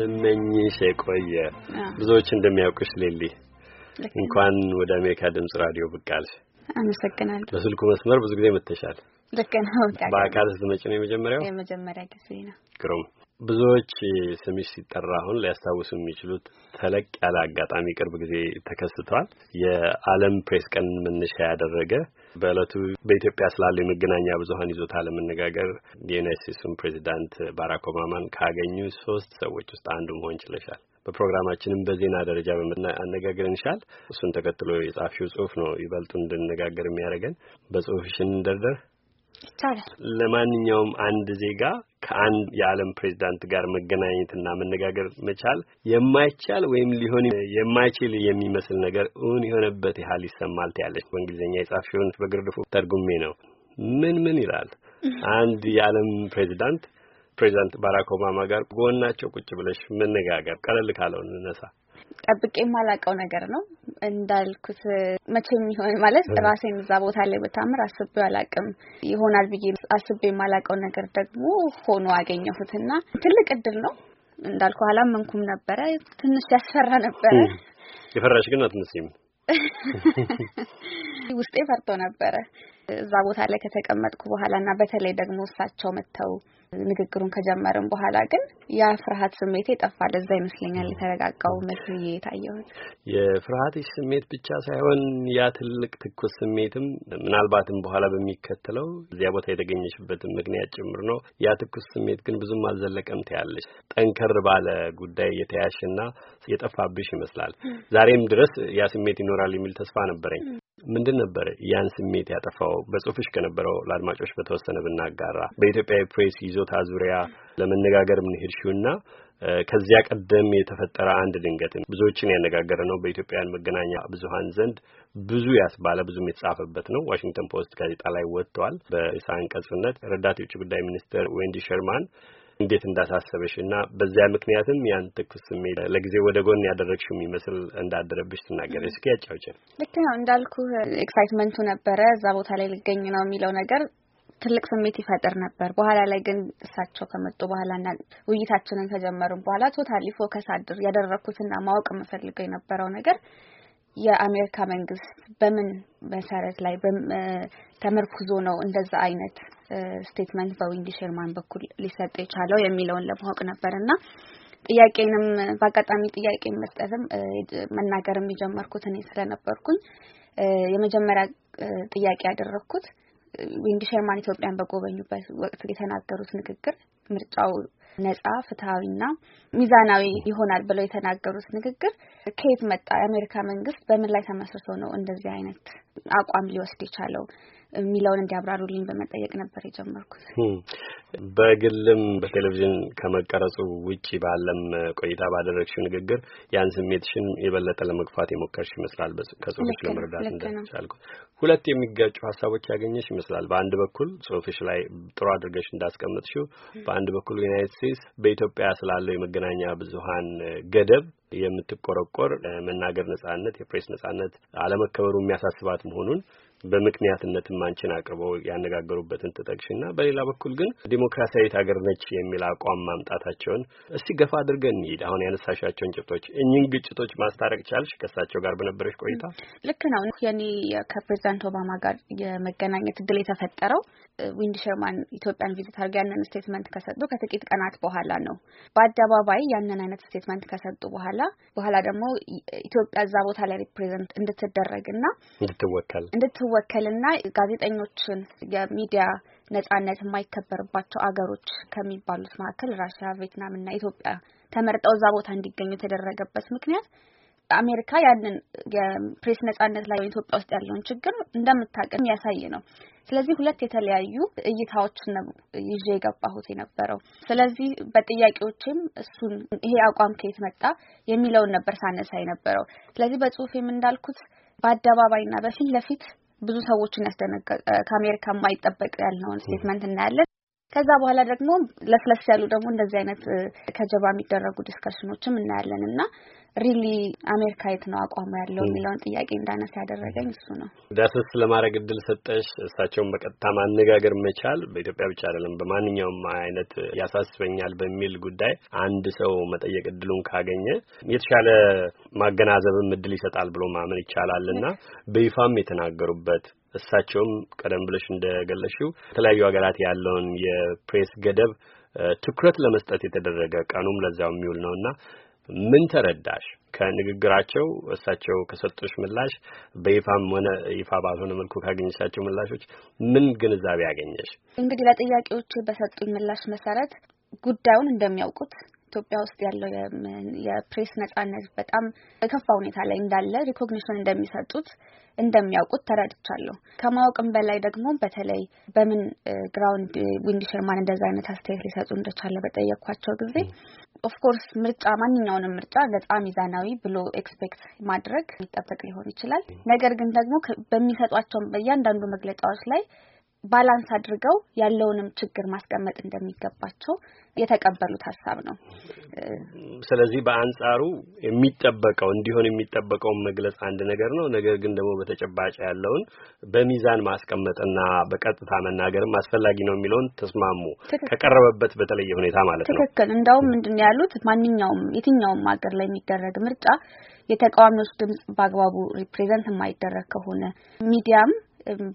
ስመኝሽ የቆየ ብዙዎች እንደሚያውቁሽ ሌሊ እንኳን ወደ አሜሪካ ድምጽ ራዲዮ ብቅ አልሽ። አመሰግናለሁ። በስልኩ መስመር ብዙ ጊዜ መተሻል። ልክ ነው። በአካል ስትመጪ ነው የመጀመሪያው የመጀመሪያ ጊዜ ነው። ግሩም ብዙዎች ስምሽ ሲጠራ አሁን ሊያስታውሱ የሚችሉት ተለቅ ያለ አጋጣሚ ቅርብ ጊዜ ተከስቷል። የዓለም ፕሬስ ቀን መነሻ ያደረገ በእለቱ በኢትዮጵያ ስላለው የመገናኛ ብዙኃን ይዞታ ለመነጋገር የዩናይት ስቴትሱን ፕሬዚዳንት ባራክ ኦባማን ካገኙ ሶስት ሰዎች ውስጥ አንዱ መሆን ችለሻል። በፕሮግራማችንም በዜና ደረጃ አነጋገር እንሻል። እሱን ተከትሎ የጻፊው ጽሁፍ ነው ይበልጡ እንድነጋገር የሚያደርገን። በጽሁፍሽን እንደርደር ይቻላል። ለማንኛውም አንድ ዜጋ ከአንድ የዓለም ፕሬዚዳንት ጋር መገናኘትና መነጋገር መቻል የማይቻል ወይም ሊሆን የማይችል የሚመስል ነገር እውን የሆነበት ያህል ይሰማል ትያለች። በእንግሊዝኛ የጻፍሽውን በግርድፉ ተርጉሜ ነው። ምን ምን ይላል አንድ የዓለም ፕሬዚዳንት ፕሬዚዳንት ባራክ ኦባማ ጋር ጎናቸው ቁጭ ብለሽ መነጋገር ቀለል ካለው እንነሳ ጠብቄ የማላውቀው ነገር ነው። እንዳልኩት መቼም ይሆን ማለት ራሴን እዛ ቦታ ላይ ብታምር አስቤው አላውቅም። ይሆናል ብዬ አስቤ የማላውቀው ነገር ደግሞ ሆኖ አገኘሁትና ትልቅ እድል ነው። እንዳልኩ አላመንኩም ነበረ። ትንሽ ያስፈራ ነበረ። የፈራሽ ግን አትመስይም። ውስጤ ፈርቶ ነበረ። እዛ ቦታ ላይ ከተቀመጥኩ በኋላ እና በተለይ ደግሞ እሳቸው መጥተው ንግግሩን ከጀመርን በኋላ ግን ያ ፍርሃት ስሜቴ ይጠፋል። እዛ ይመስለኛል የተረጋጋው መስዬ የታየሁት። የፍርሃትሽ ስሜት ብቻ ሳይሆን ያ ትልቅ ትኩስ ስሜትም ምናልባትም በኋላ በሚከተለው እዚያ ቦታ የተገኘሽበትን ምክንያት ጭምር ነው። ያ ትኩስ ስሜት ግን ብዙም አልዘለቀም ትያለሽ። ጠንከር ባለ ጉዳይ የተያሽና የጠፋብሽ ይመስላል። ዛሬም ድረስ ያ ስሜት ይኖራል የሚል ተስፋ ነበረኝ። ምንድን ነበር ያን ስሜት ያጠፋው? በጽሁፍሽ ከነበረው ለአድማጮች በተወሰነ ብናጋራ። በኢትዮጵያ የፕሬስ ይዞታ ዙሪያ ለመነጋገር ምን ሄድሽውና ከዚያ ቀደም የተፈጠረ አንድ ድንገት ብዙዎችን ያነጋገረ ነው። በኢትዮጵያውያን መገናኛ ብዙሀን ዘንድ ብዙ ያስባለ ብዙም የተጻፈበት ነው። ዋሽንግተን ፖስት ጋዜጣ ላይ ወጥተዋል። በርዕሰ አንቀጽነት ረዳት የውጭ ጉዳይ ሚኒስትር ዌንዲ ሸርማን እንዴት እንዳሳሰበሽ እና በዚያ ምክንያትም ያን ትኩስ ስሜት ለጊዜ ወደ ጎን ያደረግሽው የሚመስል እንዳደረብሽ ትናገር እስኪ ያጫውችን። ልክ ነው እንዳልኩ ኤክሳይትመንቱ ነበረ እዛ ቦታ ላይ ልገኝ ነው የሚለው ነገር ትልቅ ስሜት ይፈጥር ነበር። በኋላ ላይ ግን እሳቸው ከመጡ በኋላና ውይይታችንን ከጀመርን በኋላ ቶታሊ ፎከስ አድር ያደረኩትና ማወቅ የምፈልገው የነበረው ነገር የአሜሪካ መንግስት በምን መሰረት ላይ ተመርኩዞ ነው እንደዛ አይነት ስቴትመንት በዊንዲ ሼርማን በኩል ሊሰጥ የቻለው የሚለውን ለማወቅ ነበር እና ጥያቄንም በአጋጣሚ ጥያቄ መስጠትም መናገር የጀመርኩት እኔ ስለነበርኩኝ የመጀመሪያ ጥያቄ ያደረግኩት ዊንዲ ሸርማን ኢትዮጵያን በጎበኙበት ወቅት የተናገሩት ንግግር ምርጫው ነጻ፣ ፍትሐዊና ሚዛናዊ ይሆናል ብለው የተናገሩት ንግግር ከየት መጣ? የአሜሪካ መንግስት በምን ላይ ተመስርቶ ነው እንደዚህ አይነት አቋም ሊወስድ የቻለው የሚለውን እንዲያብራሩልኝ በመጠየቅ ነበር የጀመርኩት። በግልም በቴሌቪዥን ከመቀረጹ ውጪ ባለም ቆይታ ባደረግሽው ንግግር ያን ስሜትሽን የበለጠ ለመግፋት የሞከርሽ ይመስላል። ከጽሁፍሽ ለመረዳት እንደቻልኩት ሁለት የሚጋጩ ሀሳቦች ያገኘሽ ይመስላል። በአንድ በኩል ጽሁፍሽ ላይ ጥሩ አድርገሽ እንዳስቀመጥሽው፣ በአንድ በኩል ዩናይት ወይስ በኢትዮጵያ ስላለው የመገናኛ ብዙሀን ገደብ የምትቆረቆር መናገር ነጻነት፣ የፕሬስ ነጻነት አለመከበሩ የሚያሳስባት መሆኑን በምክንያትነትም አንቺን አቅርበው ያነጋገሩበትን ትጠቅሽና በሌላ በኩል ግን ዲሞክራሲያዊት ሀገር ነች የሚል አቋም ማምጣታቸውን እስቲ ገፋ አድርገን እንሂድ። አሁን ያነሳሻቸውን ጭብጦች እኝን ግጭቶች ማስታረቅ ቻልሽ ከእሳቸው ጋር በነበረች ቆይታ? ልክ ነው። የኔ ከፕሬዚዳንት ኦባማ ጋር የመገናኘት እድል የተፈጠረው ዊንድ ሸርማን ኢትዮጵያን ቪዚት አድርገ ያንን ስቴትመንት ከሰጡ ከጥቂት ቀናት በኋላ ነው። በአደባባይ ያንን አይነት ስቴትመንት ከሰጡ በኋላ በኋላ በኋላ ደግሞ ኢትዮጵያ እዛ ቦታ ላይ ሪፕሬዘንት እንድትደረግና እንድትወከል እንድትወከልና ጋዜጠኞችን የሚዲያ ነጻነት የማይከበርባቸው አገሮች ከሚባሉት መካከል ራሽያ፣ ቬትናም እና ኢትዮጵያ ተመርጠው እዛ ቦታ እንዲገኙ የተደረገበት ምክንያት አሜሪካ ያንን የፕሬስ ነጻነት ላይ ኢትዮጵያ ውስጥ ያለውን ችግር እንደምታቀም ያሳይ ነው። ስለዚህ ሁለት የተለያዩ እይታዎችን ነው ይዤ የገባሁት የነበረው። ስለዚህ በጥያቄዎችም እሱን ይሄ አቋም ከየት መጣ የሚለውን ነበር ሳነሳ የነበረው። ስለዚህ በጽሁፌም እንዳልኩት በአደባባይና በፊት ለፊት ብዙ ሰዎችን ያስደነገጠ ከአሜሪካ የማይጠበቅ ያልነውን ስቴትመንት እናያለን። ከዛ በኋላ ደግሞ ለስለስ ያሉ ደግሞ እንደዚህ አይነት ከጀባ የሚደረጉ ዲስከሽኖችም እናያለን እና ሪሊ አሜሪካ የት ነው አቋሙ ያለው የሚለውን ጥያቄ እንዳነሳ ያደረገኝ እሱ ነው። ዳሰስ ለማድረግ እድል ሰጠሽ። እሳቸውን በቀጥታ ማነጋገር መቻል በኢትዮጵያ ብቻ አይደለም፣ በማንኛውም አይነት ያሳስበኛል በሚል ጉዳይ አንድ ሰው መጠየቅ እድሉን ካገኘ የተሻለ ማገናዘብም እድል ይሰጣል ብሎ ማመን ይቻላል እና በይፋም የተናገሩበት እሳቸውም ቀደም ብለሽ እንደገለሽው የተለያዩ ሀገራት ያለውን የፕሬስ ገደብ ትኩረት ለመስጠት የተደረገ ቀኑም ለዚያው የሚውል ነውና ምን ተረዳሽ ከንግግራቸው? እሳቸው ከሰጡሽ ምላሽ በይፋም ሆነ ይፋ ባልሆነ መልኩ ካገኘሻቸው ምላሾች ምን ግንዛቤ ያገኘሽ? እንግዲህ ለጥያቄዎቹ በሰጡኝ ምላሽ መሰረት ጉዳዩን እንደሚያውቁት ኢትዮጵያ ውስጥ ያለው የፕሬስ ነጻነት በጣም በከፋ ሁኔታ ላይ እንዳለ ሪኮግኒሽን እንደሚሰጡት እንደሚያውቁት ተረድቻለሁ። ከማወቅም በላይ ደግሞ በተለይ በምን ግራውንድ ዊንዲ ሸርማን እንደዛ አይነት አስተያየት ሊሰጡ እንደቻለ በጠየኳቸው ጊዜ ኦፍኮርስ ምርጫ ማንኛውንም ምርጫ ነጻ፣ ሚዛናዊ ብሎ ኤክስፔክት ማድረግ የሚጠበቅ ሊሆን ይችላል። ነገር ግን ደግሞ በሚሰጧቸው በእያንዳንዱ መግለጫዎች ላይ ባላንስ አድርገው ያለውንም ችግር ማስቀመጥ እንደሚገባቸው የተቀበሉት ሀሳብ ነው። ስለዚህ በአንጻሩ የሚጠበቀው እንዲሆን የሚጠበቀውን መግለጽ አንድ ነገር ነው። ነገር ግን ደግሞ በተጨባጭ ያለውን በሚዛን ማስቀመጥና በቀጥታ መናገርም አስፈላጊ ነው የሚለውን ተስማሙ። ከቀረበበት በተለየ ሁኔታ ማለት ነው። ትክክል። እንደውም ምንድን ያሉት ማንኛውም የትኛውም ሀገር ላይ የሚደረግ ምርጫ የተቃዋሚዎች ድምጽ በአግባቡ ሪፕሬዘንት የማይደረግ ከሆነ ሚዲያም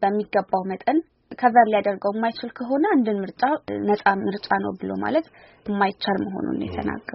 በሚገባው መጠን ከቨር ሊያደርገው የማይችል ከሆነ አንድን ምርጫ ነጻ ምርጫ ነው ብሎ ማለት የማይቻል መሆኑን የተናገሩ